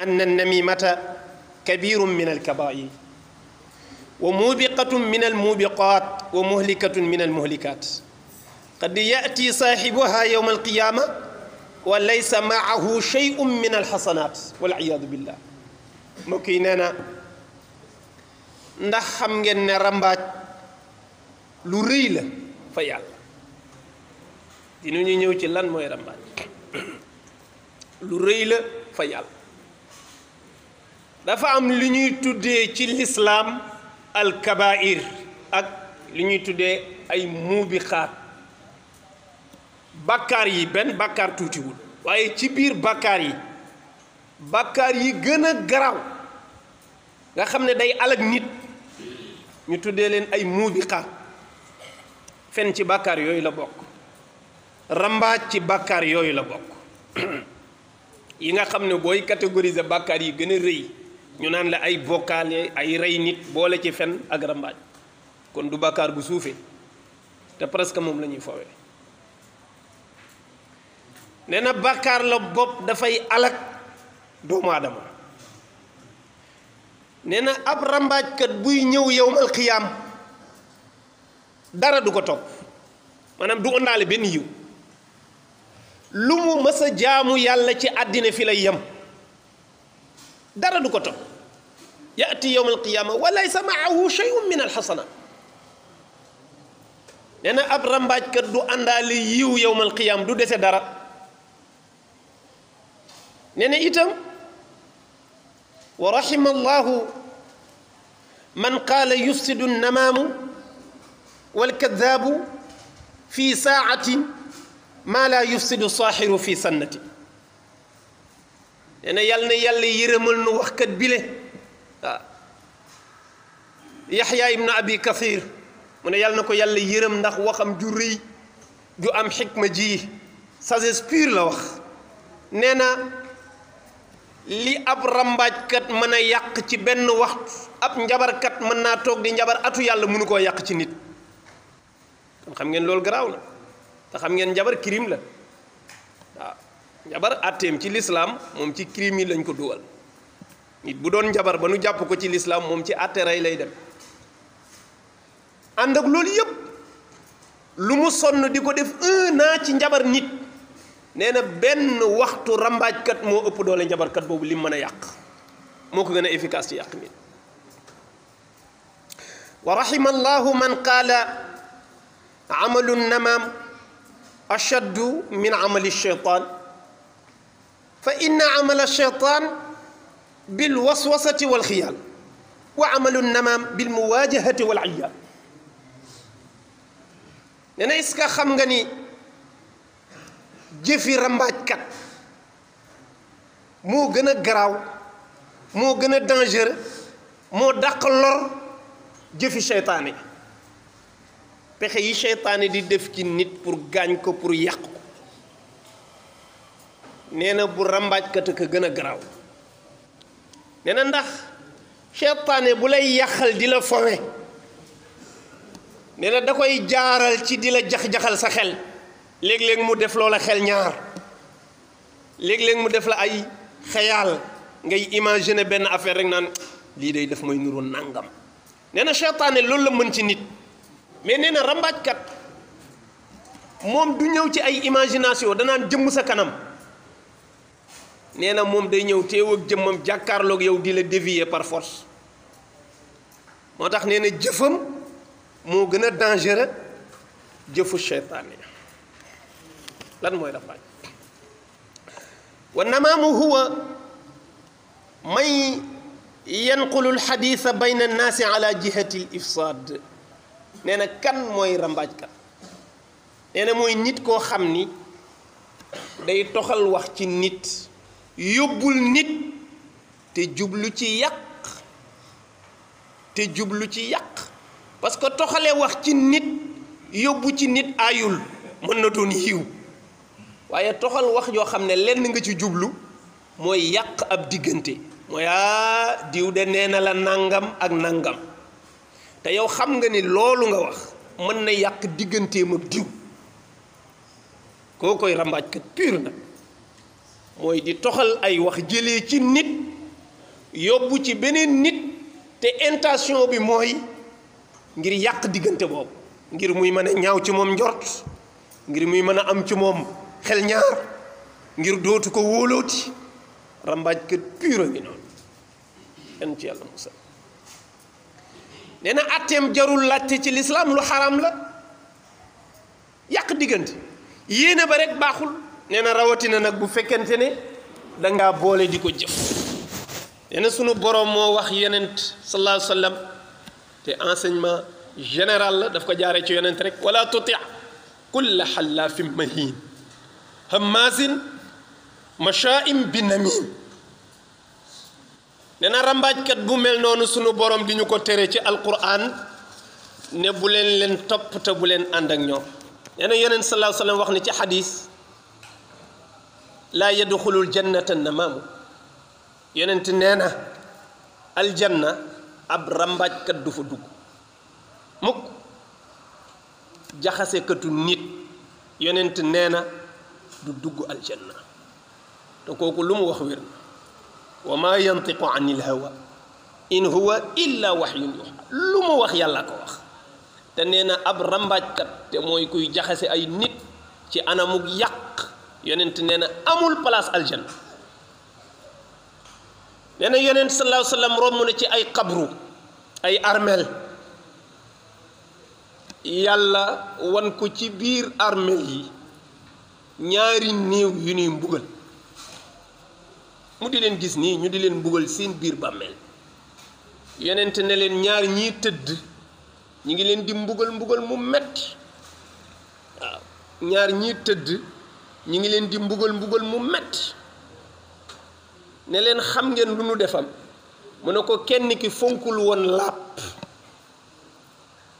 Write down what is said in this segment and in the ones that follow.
أن النميمة كبير من الكبائر وموبقة من الموبقات ومهلكة من المهلكات قد يأتي صاحبها يوم القيامة وليس معه شيء من الحسنات والعياذ بالله مكيننا نحم جن رمبا لريل xam ngeen ne rambaaj lu rëy la fa dafa am li ñuy tuddee ci lislaam alkabair ak li ñuy tuddee ay muubixaat bàkkaar yi benn bàkkaar tuutiwul waaye ci biir bàkkaar yi bàkkaar yi gën a garaaw nga xam ne day alag nit ñu tuddee leen ay muubiqaat fen ci bàkkaar yooyu la bokk rambaaj ci bàkkaar yooyu la bokk yi nga xam ne booy catégoriser bàkkaar yi gën a rëy ñu naan la ay bokkaale ay rey nit boole ci fen ak rambaaj kon du bàkkaar bu suufee te presque moom la ñuy fowee nee na bàkkaar la bopp dafay alak doomu aadama nee na ab rambaajkat buy ñëw yow xiyaam dara du ko topp maanaam du ëndaale benn yiw lu mu mës jaamu yàlla ci àddina fi lay yem dara du ko topp يأتي يوم القيامة وليس معه شيء من الحسنة لأن أبرم رمباج كردو أن ليو يوم القيامة دو ديسي دارا لأن إتم ورحم الله من قال يفسد النمام والكذاب في ساعة ما لا يفسد الصاحر في سنة لأن يالني يالي يرمل نوخ كد بله آه. yahya ibnu abi kathir mune yal nako yalla ko ndax waxam ju reuy ju am hikma ji sagesse pure la wax neena li ab rambaaj kat meuna yak ci ben waxt ab njabar kat meuna tok di njabar atu yalla munu ko yak ci nit kon xam ngeen lol graw la ta xam ngeen njabar krim la njabar atem ci l'islam mom ci crime yi lañ ko dugal nit bu doon njabar ba nu japp ko ci l'islam mom ci lay dem ànd ak loolu yeb lu mu sonn diko def 1 an ci njabar nit neena ben waxtu rambaaj kat mo upp doole njabar kat bobu lim meuna yak moko gëna gën a efficace ci yàq nit wa rahima allahu man qala amalu namaam ashaddu min amali shaytaan fa inna amala shaytaan bil waswasati wal xiyaal wa amalu nee na est xam nga ni jëfi rambaajkat moo gën a garaaw moo gën a dangereux moo dàq lor jëfi seytaane pexe yi seytaane di def ki nit pour gaañ ko pour yàq ko nee na bu rambaajkat ko gën a garaaw nee ndax seytaane bu lay yàqal di la fowe nee na da koy jaaral ci di la jax-jaxal sa xel léeg-léeg mu def loola xel ñaar léeg-léeg mu def la ay xeyaal ngay imagine benn affaire rek naan lii day def mooy nuru nangam nee na seytaane loolu la mën ci nit mais nee na rambaajkat moom du ñëw ci ay imagination danaan jëmm sa kanam nee na moom day ñëw teew ak jëmmam jàkkaarlook yow di la dévier par moo tax nee na jëfam mo gëna dangereux jëfu shaytané lan moy la faaj wa namamu huwa ينقل الحديث بين الناس على جهة الافصاد نينا كان موي رمباج كان نينا موي نيت كو خامني داي توخال واخ سي نيت يوبول نيت تي جوبلو سي ياق تي جوبلو سي ياق parce que toxale wax ci nit yobbu ci nit ayul mën na doon yiw waaye toxal wax yoo xam ne lenn nga ci jublu mooy yàq ab diggante mooy ah diw de nee na la nangam ak nangam te yow xam nga ni loolu nga wax mën na yàq digganteem ak diw koo rambaaj kat pur na mooy di toxal ay wax jëlee ci nit yóbbu ci beneen nit te intention bi mooy ngir yàq diggante boobu ngir muy mën a ñaaw ci moom njort ngir muy mën a am ci moom xel ñaar ngir dootu ko wóolooti rambaajkat pur a ngi noonu yan ci yàlla musal nee na atteem jarul laajte ci lislaam lu xaram la yàq diggante yéene ba rek baaxul nee na rawatina nag bu fekkente ne dangaa boole di ko jëf nee na sunu boroom moo wax yenent sallallahu alayhi wa sallam te enseignement général la daf ko jaaree ci yonent rek wala tuti kulla xallaafin mahin hamazin mashaim bi namiim ne na rambaajkat bu mel nonu sunu borom diñu ko tere ci alquran ne bu len len top te bu len ànd ak ñoom nena na yonent sallallahu alayhi wasallam wax ni ci hadith la yadkhulul jannata namam yonent nee na aljanna ab kat du fa dug mukk katu nit yonent neena du dug al janna to koku lumu wax wér wa ma yantiqu anil hawa in huwa illa wahyun yuxa Lumu wax yalla ko wax te neena ab rambaj kat te moy kuy jaxase ay nit ci anamuk yak yonent neena amul place janna nee na yonent sallallahu alayhi wa sallam romb na ci ay xabru ay armeel yàlla wan ko ci biir armeel yi ñaari néew yu ñuy mbugal mu di leen gis nii ñu di leen mbugal seen biir bàmmeel yonent ne leen ñaar ñii tëdd ñu ngi leen di mbugal mbugal mu metti waaw ñaar ñii tëdd ñu ngi leen di mbugal mbugal mu metti ne leen xam ngeen lu nu defam mu ne ko kenn ki fonkul woon làpp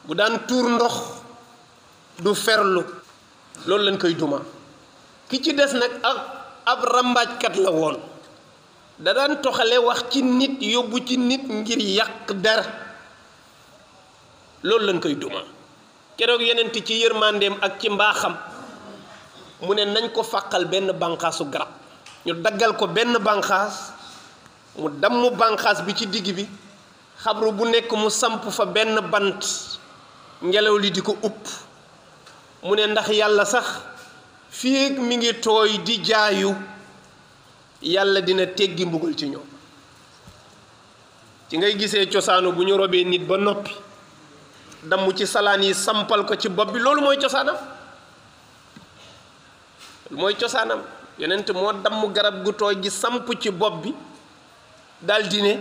bu daan tuur ndox du ferlu loolu lañ koy duma ki ci des nag ak ab ràmbaajkat la woon da daan toxale wax ci nit yóbbu ci nit ngir yàq dar loolu lañ koy duma keroog yenent ci yërmandeem ak ci mbaaxam mu ne nañ ko fàqal benn bànqaasu garab ñu daggal ko benn bànqaas mu damm bànqaas bi ci digg bi xabru bu nekk mu samp fa benn bant ngelaw li di ko upp mu ne ndax yàlla sax fii mi ngi tooy di jaayu yàlla dina teggi mbugal ci ñoom ci ngay gisee cosaanu bu ñu robee nit ba noppi damm ci salaan yi sampal ko ci bopp bi loolu mooy cosaanam loolu mooy cosaanam yonent moo damm garab gu tooy gi samp ci bopp bi daldi ne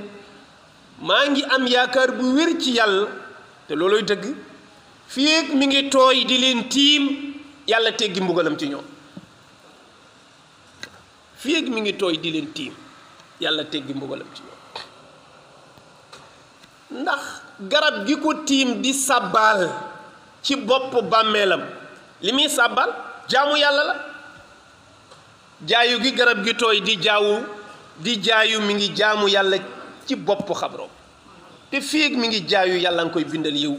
maa ngi am yaakaar bu wér ci yàlla te looloy dëgg fii ak mi di leen tiim yàlla teggi mbugalam ci ñoom fii ak mi ngi tooy di leen tiim yàlla teggi mbugalam ci ñoom ndax garab gi ko tiim di sàbbaal ci bopp bàmmeelam li muy sàbbaal jaamu yàlla la jaayu gi garab gi tooy di jaawu di jaayu mi ngi jaamu yàlla ci bopp xabroom te fiig mi ngi jaayu yàlla nga koy bindal yiw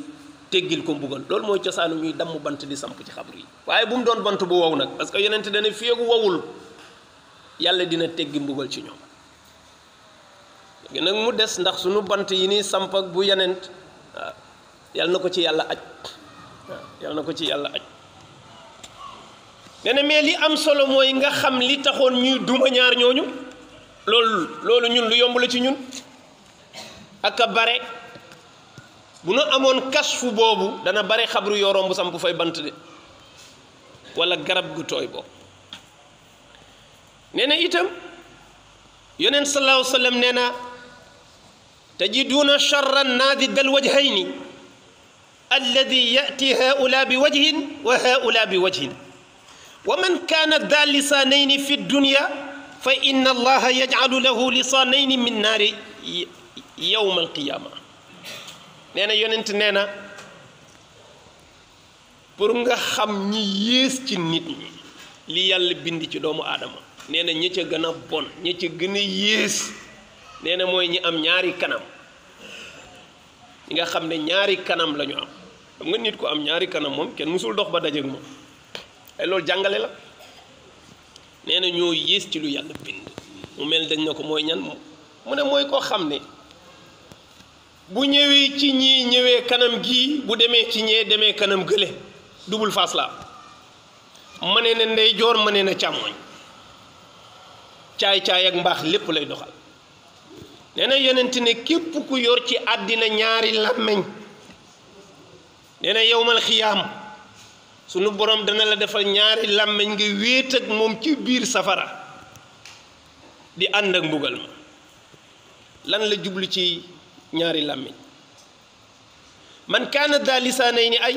teggil ko mbugal loolu mooy cosaanu ñuy damm bant di samp ci xabru yi waaye bu mu doon bant bu wow nag parce que yeneen te dana fiigu wowul yàlla dina teggi mbugal ci ñoom léegi nag mu des ndax suñu bant yi ni samp ak bu yeneen waaw ah, yàlla na ko ci yàlla aj ah, yàlla na ko ci yàlla aj nee na mais li am solo mooy nga xam li taxoon ñuy duma ñaar ñooñu loolu loolu ñun lu yomb la ci ñun ak a bare bu nu amoon kasfu boobu dana bare xabru yoroom bu sam bu fay bant de wala garab gu tooy boobu nee na itam yonent sallallahu alayhi wa sallam nee na تجدون شر ناذد الوجهين الذي يأتي هؤلاء بوجه وهؤلاء بوجه wa man kaana daa lisaanayni fi dunya fa inna allaha yajcalu lahu lisaanayni min naari yowma alqiyaama nee na yonent nee na pour nga xam ñi yées ci nit ñi li yàlla bind ci doomu aadama nee na ñi ca gën a bon ñi ca gën a yées nee mooy ñi am ñaari kanam nga xam ne ñaari kanam lañu am xam nga nit ko am ñaari kanam moom kenn mësul dox ba dajeek moom ay eh, loolu jàngale la nee na ñoo yées ci lu yàlla bind mu mel dañ na ko mooy ñan mu ne mooy koo xam ne bu ñëwee ci ñii ñëwee kanam gii bu demee ci ñee demee kanam gële double fas la mënee na ndeyjoor ne na càmmoñ caay-caay ak mbaax lépp lay doxal ne na yonent ne képp ku yor ci àddina ñaari làmmeñ ne na yowmal xiyaam sunu borom dana la defal ñaari làmmiñ ngi wéet ak moom ci biir safara di ànd ak mbugal ma lan la jublu ci ñaari làmmiñ man kaana daa lisaanayni ay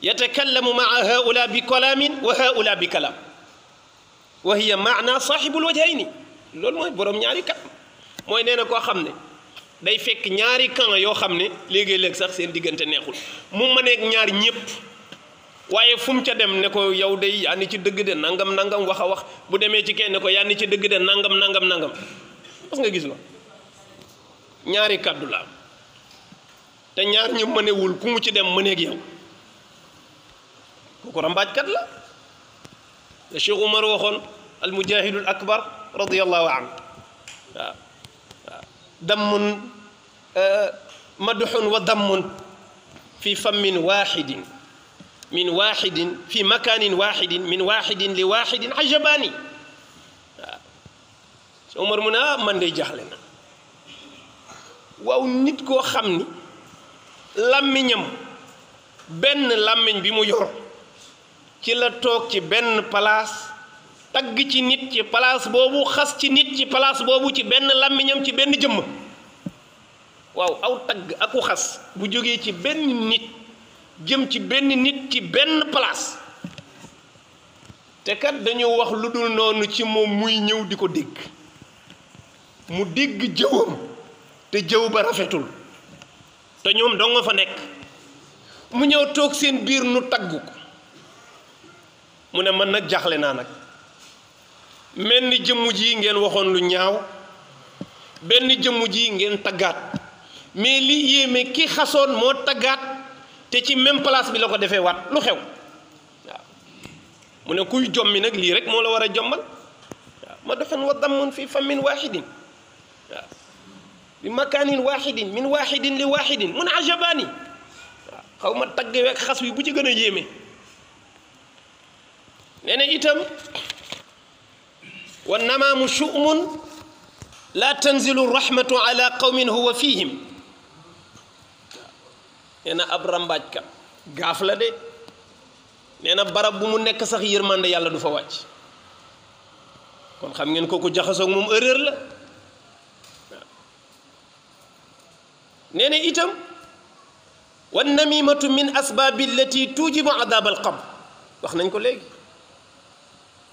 yatakallamu maa haula bi kalamin wa haula bi kalam wa hiya maana saaxibul wajhayni loolu mooy borom ñaari kat mooy nee na koo xam ne day fekk ñaari kan yoo xam ne léegi-léeg sax seen diggante neexul mu ma mëneeg ñaar ñépp waye fum ca dem ne ko yow day yaa ni ci deug de nangam nangam waxa wax bu deme ci kenn ne ko yaa ni ci deug de nangam nangam nangam parce nga gis lo ñaari kàddu la te ñaar ñu mënewul ku mu ci dem ak yow ko ko rambaaj kat la le Cheikh Umar waxon al mujahid al akbar radiyallahu an damun madhun wa damun fi fammin wahidin min wahidin fi makanin wahidin min wahidin li wahidin ajabani Omar muna man day jaaxle na nit ko xamni lamiñam ben lamiñ bi mu yor ci la tok ci ben place tag ci nit ci place bobu khas ci nit ci place bobu ci ben lamiñam ci ben jëm waw aw tag aku khas, bu joge ci ben nit jëm ci benn nit ci benn place te kat dañu wax lu dul noonu ci moom muy ñëw di ko dégg mu dégg jëwam te jëw ba rafetul te ñoom dong nga fa nekk mu ñëw toog seen biir nu taggu ko mu ne man nag jaaxle naa nag mel ni jëmm ji ngeen waxoon lu ñaaw benn jëmm ji ngeen taggaat mais li yéeme ki xasoon moo taggaat te ci même place bi lako défé wat lu xew mu ne kuy jommi nak li rek mo la wara a jommal ma dafan wa damun fi famin wahidin bi makanin wahidin min wahidin li wahidin mun ajabani xawma taggé wek tagg wi bu ci gëna yémé yéeme itam wa namamu shu'mun la tanzilu rahmatu ala qaumin huwa fihim nee na ab ràmbaajkat gaaf la de nee na barab bu mu nekk sax yërmande yàlla du fa wàcc kon xam ngeen kooku jaxasoog moom erreur la waaw na itam wa namimatu min asbaabi allati tujibu adab al wax nañ ko léegi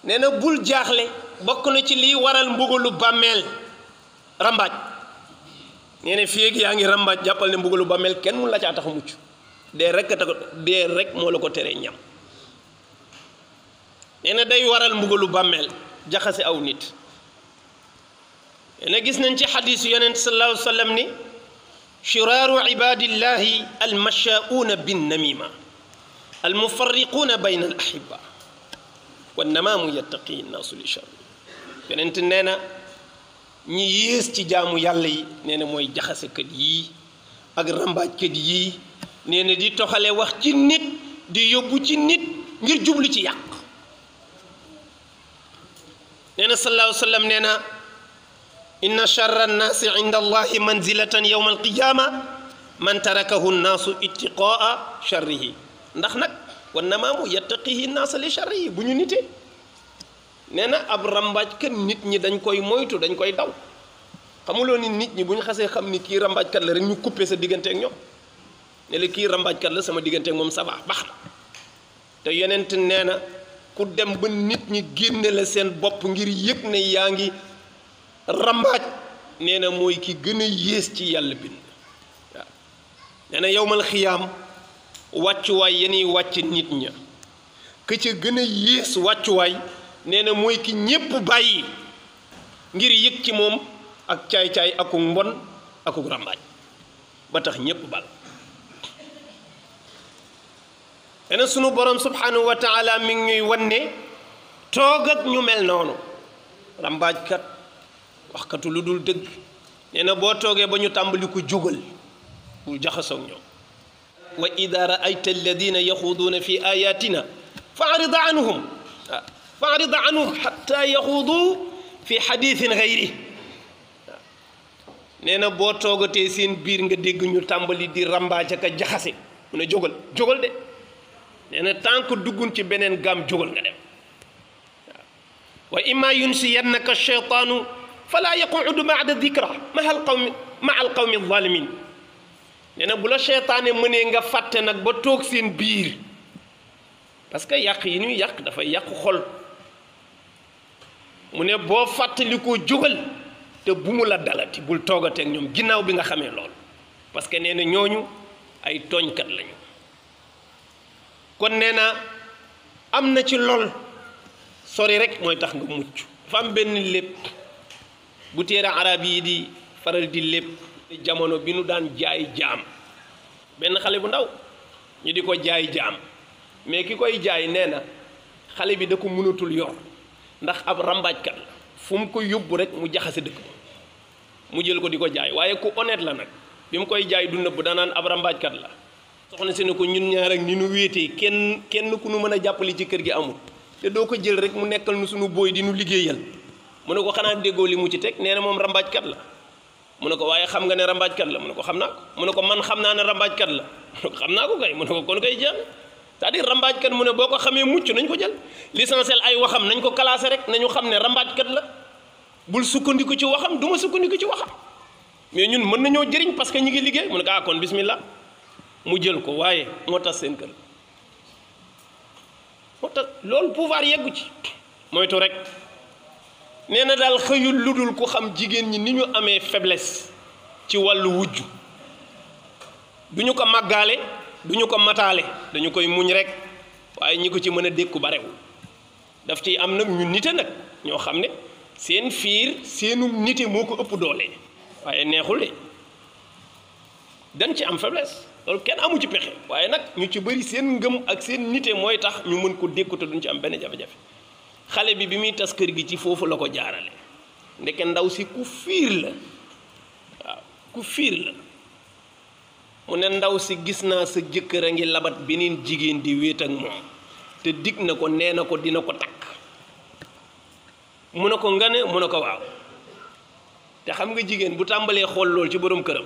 nee na bul jaaxle bokk na ci liy waral mbugalu bàmmeel ràmbaaj ñene ne fii ak yaa ngi rambaaj jàppal ne ba mel kenn mu la ca tax muccu de rek ta de rek mo la ko téré ñam nee day waral mbugulu ba mel jaxasi aw nit nee gis nañ ci xadis yonent sallallahu alayhi wasallam ni shiraru ibadillahi almashauna bin namima almufarriquna bayna alahibba wan namamu yattaqi nnaasu li sharri yonent nee ñi yées ci jaamu yàlla yi nee na mooy jaxasekat yii ak rambaajkat yii nee na di toxale wax ci nit di yóbbu ci nit ngir jublu ci yàq nee na sallallahu alayhi wa sallam nee na inna charra annaasi inda allahi manzilatan yowma alqiyama man tarakahu nnaasu ittiqaa charrihi ndax nag wan namaamu yattaqihi nnaasa li charrihi bu ñu nitee nee na ab ràmbaajkat nit ñi dañ koy moytu dañ koy daw xamuloo ni nit ñi bu ñu xasee xam ni kii ràmbaajkat la rek ñu coupé sa diggante ak ñoom ne la kii ràmbaajkat la sama diggante moom ça va na te yeneent nee na ku dem ba nit ñi génne la seen bopp ngir yépp ne yaa ngi rambaaj nee na mooy ki gën a yées ci yàlla bind waaw nee na yowmal xiyaam wàccuwaay yeni wàcc nit ña ka gën a yées wàccuwaay neena moy ki ñépp bàyyi ngir yëg ci moom ak caay-caay akuk mbon akuk ràmbaaj ba tax ñépp bal ene sunu borom subhanahu wa taala mi ngi ñuy wanne toog ak ñu mel noonu ràmbaajkat kat lu dul dëgg nee na boo toogee ba ñu tàmbali ku jugal bul jaxasoog ñoo wa ida raayta alladina yaxuduuna fi ayatina fa'rid anhum فأعرض عنه حتى يخوضوا في حديث غيره نينا بو boo toogatee seen biir nga deg ñu tàmbali di ramba rambaaje ka jaxase mu ne jógal jógal de nena na dugun ci benen gam jógal nga dem wa imma yunsi yanaka ash-shaytanu fala yaq'udu ma'a dhikra ma hal qawm maa al-qawm adh-dhalimin nena bu la shaytané mënee nga fàtte nak ba tok seen biir parce que yàq yi ñu yàq dafa yàq xol mu ne boo fàttalikoo jógal te bu mu la dalati bul toogate ñoom ginnaaw bi nga xamee lool parce que nee na ñooñu ay tooñkat lañu kon nee na am na ci lool sori rek mooy tax nga mucc fam benn lépp bu téere arab yi di faral di lépp jamono bi nu daan jaay jaam benn xale bu ndaw ñu di ko jaay jaam mais ki koy jaay nee na xale bi da ko mënatul yoon ndax ab rambaajkat fu mu ko yóbbu rek mu jaxase dëkk ba mu jël ko di ko jaay waaye ku honnête la nag bi mu koy jaay du nëbb danaan ab rambaajkat la soxna si ne ko ñun ñaar ak ni nu wéetee kenn kenn ku nu mën a jàppale ci kër gi amul te doo ko jël rek mu nekkal nu sunu booy di nu liggéeyal mu ne ko xanaa déggoo li mu ci teg nee na moom rambaajkat la mu ne ko waaye xam nga ne rambaajkat la mu ne ko xam naa ko mu ne ko man xam naa ne rambaajkat la mu xam naa ko kay mu ko kay jaan Tadi rambatkan dire rambaaj kat mu ne boo ko nañ ko jël l'essentiel ay waxam nañ ko classer rek nañu xamné ne rambaaj kat la bul sukkandiku ci waxam duma sukkandiku ci waxam mais ñun mën nañu jëriñ parce que ñi ngi liggé mu ne ah, kon bismillah mu jël ko waaye mo tass seen kër mo tass lool pouvoir yeggu ci to rek nee dal xeyul xëyul ludul ku xam jigen ñi ni ñu faiblesse ci walu wujju duñu ko magalé duñu ko mataale dañu koy muñ rek waaye ñi ko ci mën a dékku barewul daf ci am nag ñu nite nak ñoo xam seen fiir seenum nite moo ëpp doole waaye neexul de dañ ci am faiblesse loolu kenn amu ci pexe waaye nak ñu ci bëri seen ngëm ak seen nite mooy tax ñu mën ko dékku te duñ ci am benn jafe-jafe xale bi bi gi ci la ko jaarale ndeke ndaw si ku fiir la ku fiir la mu ne ndaw si gis naa sa jëkkër a ngi labat beneen jigéen di wéet ak moom te dig na ko nee na ko dina ko takk mu ne ko nga ne mu ne ko waaw te xam nga jigéen bu tàmbalee xool lool ci borom këram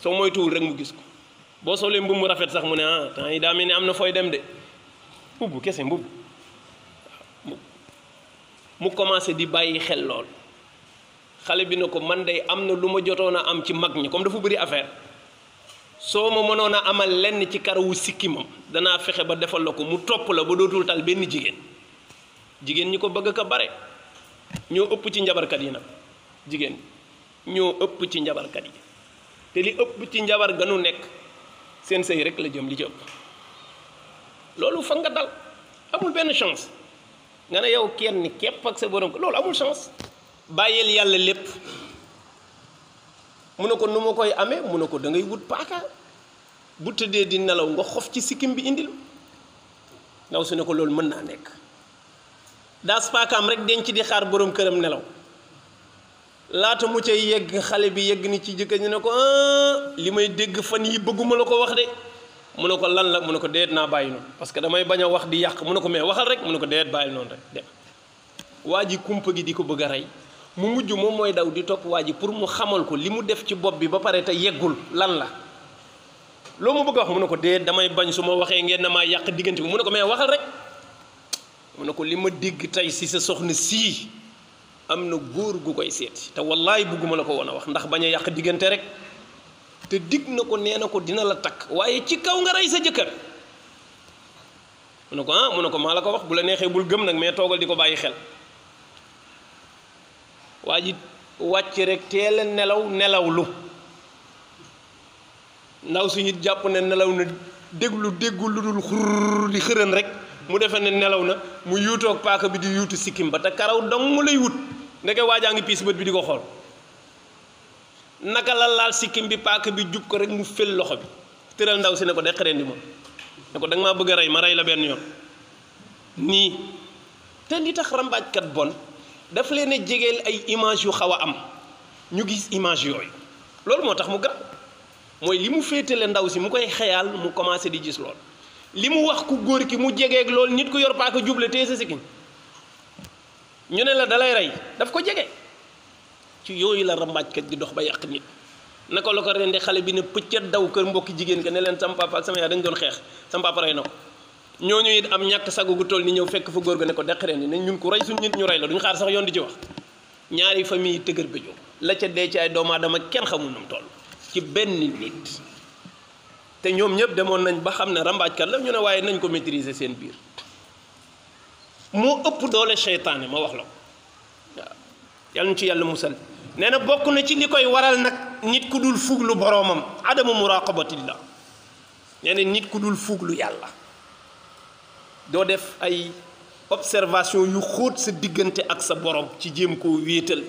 soo moytuwul rek mu gis ko boo solee mbubb mu rafet sax mu ne ah temps yi daa mel ni am na fooy dem de mbubb kese mbubb mu commencé di bàyyi xel lool xale bi ne ko man day am na lu ma jotoon a am ci mag ñi comme dafa bëri affaire. soo ma mënoon a amal lenn ci karawu sikkimam danaa fexe ba defal la ko mu topp la ba dootul tal benn jigéen jigéen ñi ko bëgg ka bare ñoo ëpp ci njabarkat yi nag jigéen ñoo ëpp ci njabarkat yi te li ëpp ci njabar ganu nekk seen sëy rek la jëm li ci ëpp loolu fa nga dal amul benn chance nga ne yow kenn képp ak sa borom loolu amul chance bàyyeel yàlla lépp mu ne ko nu ma koy amee mu ne ko da ngay wut paaka bu tëddee di nelaw nga xof ci sikkim bi indil ndaw su ne ko loolu mën naa nekk daas paakaam rek denc di xaar boroom këram nelaw laata mu cay yegg xale bi yegg ni ci jëkkër ñu ne ko ah, li may dégg fan yi bëgguma la ko wax de mu ne ko lan la mu ne ko déet naa bàyyi noonu parce que damay bañ a wax di yàq mu ne ko mais waxal rek mu ne ko déet bàyyi noonu rek de waa ji kumpa gi di ko bëgg a rey mu mujj moom mooy daw di topp waa ji pour mu xamal ko li mu def ci bopp bi ba pare te yeggul lan la loo mu bëgg wax mu ne ko dee damay bañ su ma waxee ngeen na yàq diggante bi mu ne ko mais waxal rek mu ne ko li ma dégg tey sa soxna sii am na gu koy seeti te wallaay bugguma la ko woon a wax ndax bañ a yàq diggante rek te dig na ko nee na ko dina la takk waaye ci kaw nga rey sa jëkkër mu ne ko ah mu ne ko maa la ko wax bu la neexee bul gëm nag mais toogal di ko bàyyi xel waa ji wàcc rek teel nelaw nelaw lu ndaw si it jàpp ne nelaw na déglu déggu lu dul xurr di xërën rek mu defe ne nelaw na mu yuutoog paaka bi di yuutu sikkim ba te karaw dong lay wut ndeke jaa ngi piis bët bi di ko xool naka la laal sikkim bi paaka bi jub ko rek mu fël loxo bi tëral ndaw si ne ko de xëreen di ma ne ko da nga maa bëgg a rey ma rey la benn yoon nii te li tax rambaajkat bon daf leen a jegeel ay image yu xaw a am ñu gis image yooyu loolu moo tax mu gaaw mooy li mu féetale ndaw si mu koy xeyaal mu commencé di gis lool li mu wax ku góor ki mu jegeeg loolu nit ku yor paaka juble tee sa sikkiñ ñu ne la dalay rey daf ko jege ci yooyu la rambaajkat di dox ba yàq nit ko la ko rendi xale bi ne pëccët daw kër mbokki jigéen ka ne leen sama papa ak dañ doon xeex sama na ko ñoo ñooñu it am ñàkk sagu gu toll ni ñëw fekk fa góor ga ne ko deqareen ni ne ñun ku rey suñ nit ñu rey la duñ xaar sax yoon di ci wax ñaari famille tëgër bëjoo la ca dee ci ay doomu kenn xamul nu mu ci benn nit te ñoom ñëpp demoon nañ ba xam ne rambaajkat la ñu ne waaye nañ ko maîtriser seen biir moo ëpp doole seytaane ma wax la ko waaw yàlla ñu ci yàlla musal nee na bokk na ci li koy waral nag nit ku dul fuglu boroomam adama muraqabatillah nee na nit ku dul fuglu yàlla doo def ay observation yu xóot sa diggante ak sa borom ci jéem koo wéetal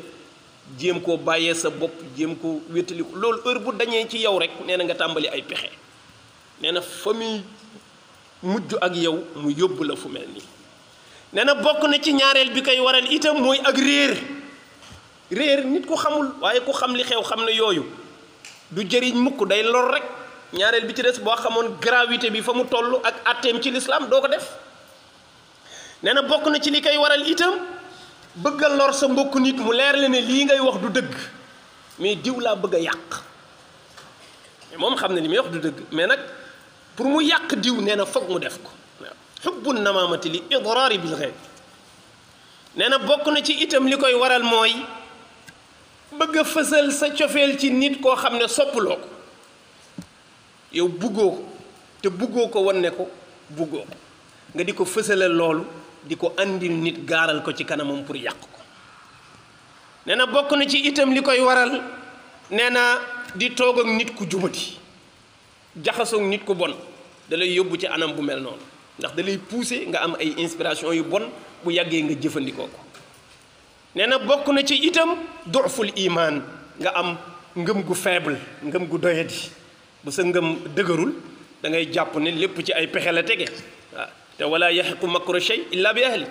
jéem koo bàyyee sa bopp jéem koo wéetaliku loolu heure bu dañee ci yow rek nee na nga tàmbali ay pexe neena na fa muy mujj ak yow mu yóbbu la fu mel nii nee na bokk na ci ñaareel bi kay waral itam mooy ak réer réer nit ku xamul waaye ku xam li xew xam ne yooyu du jëriñ mukk day lor rek ñaareel bi ci des boo xamoon gravité bi fa mu toll ak atteem ci lislaam doo ko def nee na bokk na ci li koy waral itam bëgg a lor sa mbokk nit mu leer la ne lii ngay wax du dëgg mais diw laa bëgg a yàq moom xam ne li muy wax du dëgg mais nag pour mu yàq diw nee na foog mu def ko waaw xubbu namaamati li idraari bil xeyb nee na bokk na ci itam li koy waral mooy bëgg a sa cofeel ci nit koo xam ne soppuloo ko yow buggoo te buggoo ko wan ne ko buggoo ko nga di ko fësalal loolu di ko andil nit gaaral ko ci kanamam pour yàq ko nee na bokk na ci itam li koy waral nee na di toog ak nit ku jubati jaxasoog nit ku bon da yóbbu ci anam bu mel noonu ndax da lay nga am ay inspiration yu bon bu yàggee nga jëfandikoo ko nee na bokk na ci itam doxful imaan nga am ngëm gu faible ngëm gu doyadi bu sa ngëm dëgërul dangay jàpp ne lépp ci ay pexe la tege waaw te wala yahiqu makru shay illa bi ahli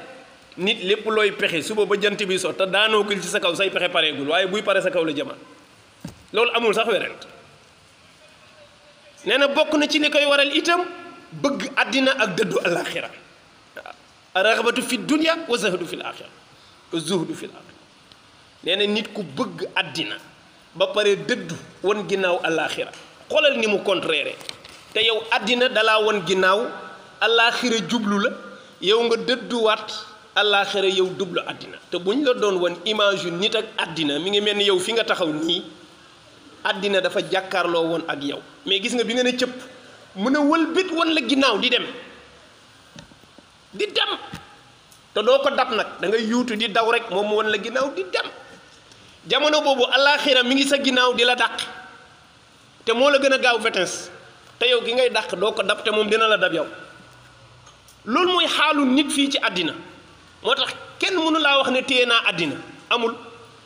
nit lépp looy pexe suba ba jant bi so te daanoogul ci sa kaw say pexe pareegul waaye buy pare sa kaw la jëmaat loolu amul sax werent nee na bokk na ci li koy waral itam bëgg àddina ak dëddu alaaxira raxabatu fi dunya wa zahdu fi alaaxira wa na nit ku bëgg àddina ba pare dëddu wan ginnaaw alaaxira xolal ni mu contraire te yow adina dala won ginaaw alaxira djublu la yow nga wat alaxira yow dublu adina te buñ la doon won image nit ak adina mi ngi melni yow fi nga taxaw ni adina dafa jakarlo won ak yow mais gis nga bi nga ne cëpp mën wul bit won la ginaaw di dem di dem te do ko dab nak da nga yutu di daw rek mom won la ginaaw di dem jamono bobu alaxira mi ngi sa ginaaw di la te moo la gën a gaaw vitesse te yow gi ngay dàq doo ko dab te moom dina la dab yow loolu mooy xaalu nit fii ci àddina moo tax kenn mënu laa wax ne téye naa àddina amul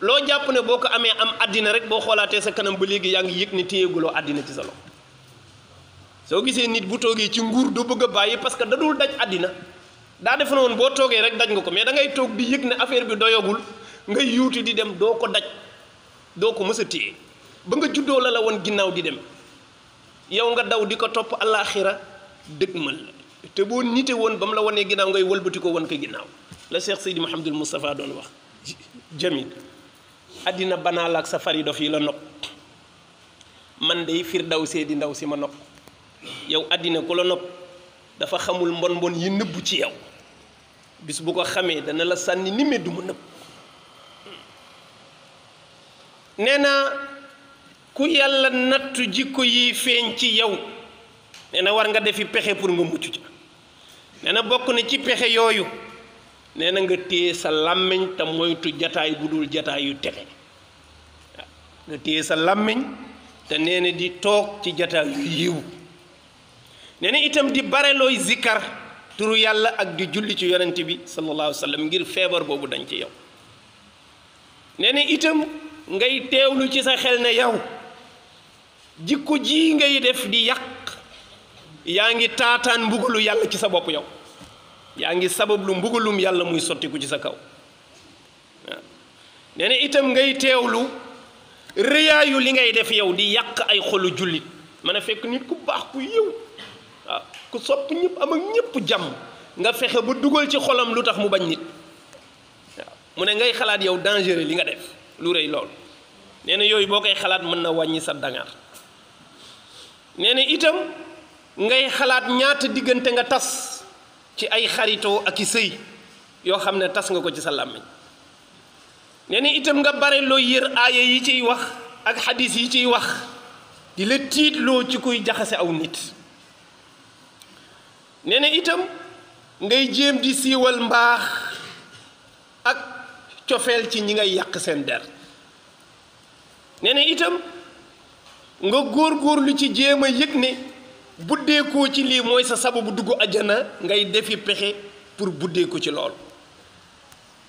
loo jàpp ne boo ko amee am àddina rek boo xoolaatee sa kanam ba léegi yaa ngi yëg ne téyeguloo àddina ci sa loxo soo gisee nit bu toogee ci nguur du bëgg a bàyyi parce que da dul daj àddina daa defe na woon boo toogee rek daj nga ko mais dangay toog di yëg ne affaire bi doyagul ngay yuuti di dem doo ko daj doo ko mës a téye ba nga juddoo la la woon ginnaaw di dem yow nga daw di ko topp alaaxira dëgmal la te boo nite woon ba mu la wonee ginnaaw ngay wëlbati ko woon ko ginnaaw la Cheikh ma xamdul Moustapha doon wax jamil àddina banaal ak safari dof yi la nopp man day daw see di ndaw si ma nopp yow àddina ku la nopp dafa xamul mbon mbon yi nëbbu ci yow bis bu ko xamee dana la sànni ni meddu mu nëbb nee na ku yàlla nattu jikko yi feeñ ci yow nee na war nga defi pexe pour nga mucc ci nee na bokk na ci pexe yooyu nee na nga téye sa làmmiñ te moytu jataay bu dul jataay yu texe nga téye sa làmmiñ te nee na di toog ci jataay yu yiw nee na itam di barelooy looy zikkar turu yàlla ak di julli ci yonent bi sallallahu alayhi wa ngir feebar boobu dañ ci yow nee na itam ngay teewlu ci sa xel ne yow jikko ji ngay def di yak, yangi tatan bugulu mbugalu yàlla ci sa bopp yow yaa ngi sabablu mbugalum yàlla muy sottiku ci sa kaw nee na itam ngay teewlu rëyaayu li ngay def yow di yàq ay xolu jullit mën fekk nit ku baax ku yiw ku sop ñëpp am ak ñëpp jàmm nga fexe ba ci xolam mu bañ nit waaw ngay xalaat yow dangereux li nga def lu rëy lool nee na yooyu xalaat mën na sa nee na itam ngay xalaat ñaata diggante nga tas ci ay xaritoo ak i sëy yoo xam ne tas nga ko ci sa làmmiñ nee na itam nga bare loo yër aaya yi ciy wax ak xadis yi ciy wax di la tiitloo ci kuy jaxase aw nit nee na itam ngay jéem di siiwal mbaax ak cofeel ci ñi ngay yàq seen der nee na itam nga góor góorgóorlu ci jéem a yëg ne buddeekoo ci lii mooy sa sababu dugg ajjana ngay defi pexe pour buddeeku ci lool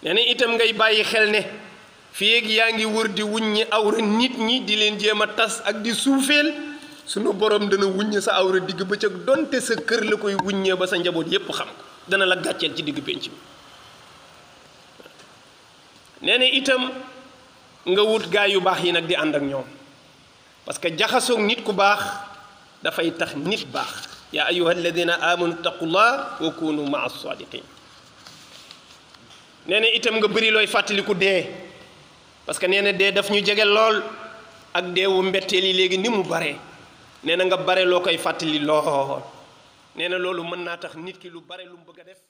nee itam ngay bàyyi xel ne fii yaa ngi wër di wuññi awra di leen jéem a tas ak di suufeel sunu borom dana wuññi sa awra donte sa kër la koy wuññee ba sa njaboot yépp xam ko dana la gàcceel ci digg pénc nee na itam nga wut gaa yu baax yi nag di ànd ak ñoom parce que jaxasoog nit ku baax dafay tax nit baax yaa ayuha alladina amanu taqullah wa kunu maa sadiqin nee na itam nga bëri looy fàttaliku dee parce que nee na dee daf ñu jege lool ak deewu mbetteel yi léegi ni mu bare nee na nga bare loo koy fàttali lool nee na loolu mën naa tax nit ki lu bare lu mu bëgg a def